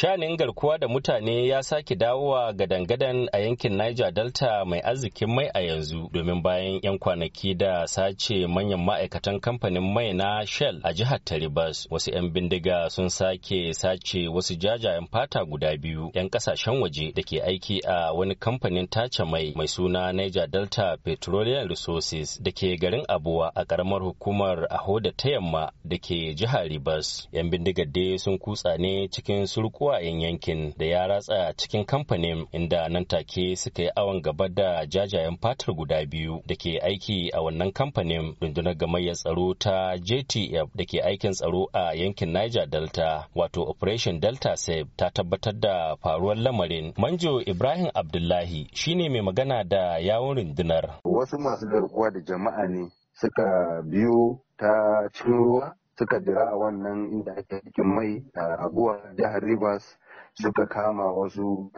shanin garkuwa da mutane ya sake dawowa gadan-gadan a yankin niger delta mai arzikin mai a yanzu domin bayan 'yan kwanaki da sace manyan ma'aikatan kamfanin mai na shell a jihar taribas wasu 'yan bindiga sun sake sace wasu jajayen fata guda biyu 'yan kasashen waje da ke aiki a wani kamfanin tace mai mai suna niger delta petroleum resources da ke garin abuwa a karamar hukumar aho da ta yamma da ke jihar ribas 'yan bindigar dai sun kutsa ne cikin surkuwa tawayen yankin da ya ratsa cikin kamfanin inda nan take suka yi awon gaba da jajayen fatar guda biyu da ke aiki a wannan kamfanin rundunar gamayyar tsaro ta JTF da ke aikin tsaro a yankin Niger Delta wato Operation Delta sef ta tabbatar da faruwar lamarin. Manjo Ibrahim Abdullahi shine mai magana da yawon rundunar. Wasu masu garkuwa da jama'a ne suka biyo ta cikin ruwa suka jira a wannan inda ake cikin mai a abuwa jihar rivers suka kama wasu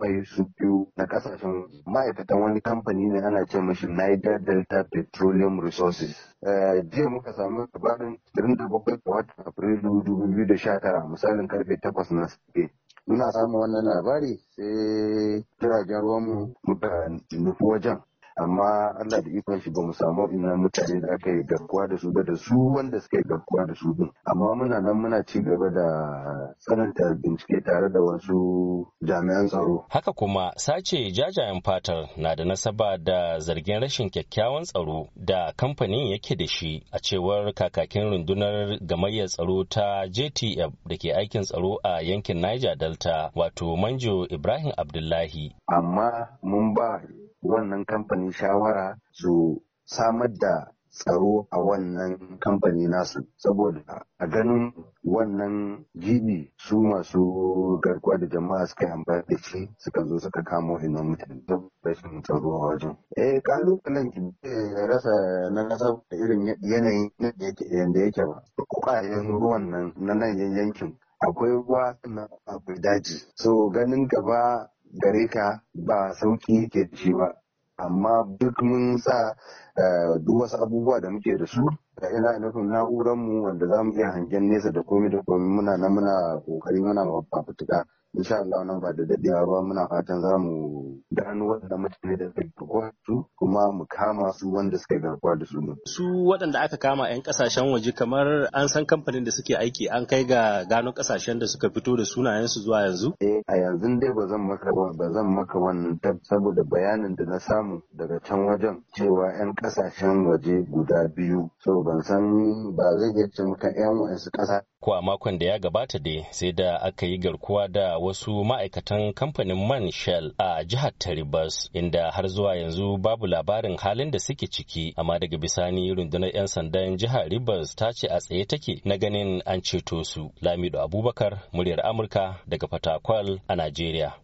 mai su biyu na kasashen ma'aikatan wani kamfani ne ana ce mashi niger delta petroleum resources eh, jiya muka samu labarin 27 ga watan afrilu 2019 misalin karfe 8 na safe muna samun wannan labari sai jiragen ruwanmu muka nufi wajen amma Allah da ikon shi ba mu samu ina mutane da aka yi garkuwa da su da su wanda suka yi garkuwa da su din amma muna nan muna ci gaba da tsananta bincike tare da wasu jami'an tsaro haka kuma sace jajayen fatar na da nasaba da zargin rashin kyakkyawan tsaro da kamfanin yake da shi a cewar kakakin rundunar gamayyar tsaro ta JTF da ke aikin tsaro a yankin Niger Delta wato Manjo Ibrahim Abdullahi amma mun ba wannan kamfanin shawara su samar da tsaro a wannan kamfani nasu saboda a ganin wannan jibi su masu garkuwa da jama'a suka yi amfani da shi suka zo suka kamo inon mutane don rashin tsaro a wajen. Eh kalubalen ki rasa na kasa da irin yanayin yadda yake ba. Kwayayen ruwan nan na nan yankin akwai ruwa na akwai daji. So ganin gaba gare ka ba sauki yake da ba amma duk mun sa eh, duk wasu abubuwa da muke da su da ina nufin na'urar na'uranmu wanda za mu iya hangen nesa da komi da komi muna na muna kokari muna fafutuka insha Allah nan ba da dadewa ba muna fatan za mu gano waɗanda mutane da suka garkuwa su kuma mu kama su wanda suka garkuwa da su su waɗanda aka kama yan kasashen waje kamar an san kamfanin da suke aiki an kai ga gano kasashen da suka fito da sunayen su zuwa yanzu eh a yanzu dai ba zan maka ba zan maka wannan saboda bayanin da na samu daga can wajen cewa yan kasashen waje guda biyu so ban san ba zai iya ce maka yan wasu kasa ko a makon da ya gabata dai sai da aka yi garkuwa da A wasu ma'aikatan kamfanin man shell a jihar taribas inda har zuwa yanzu babu labarin halin da suke ciki amma daga bisani rundunar 'yan sandan jihar ribas ta ce a tsaye take na ganin an ceto su lamido abubakar muryar amurka daga fatakwal a najeriya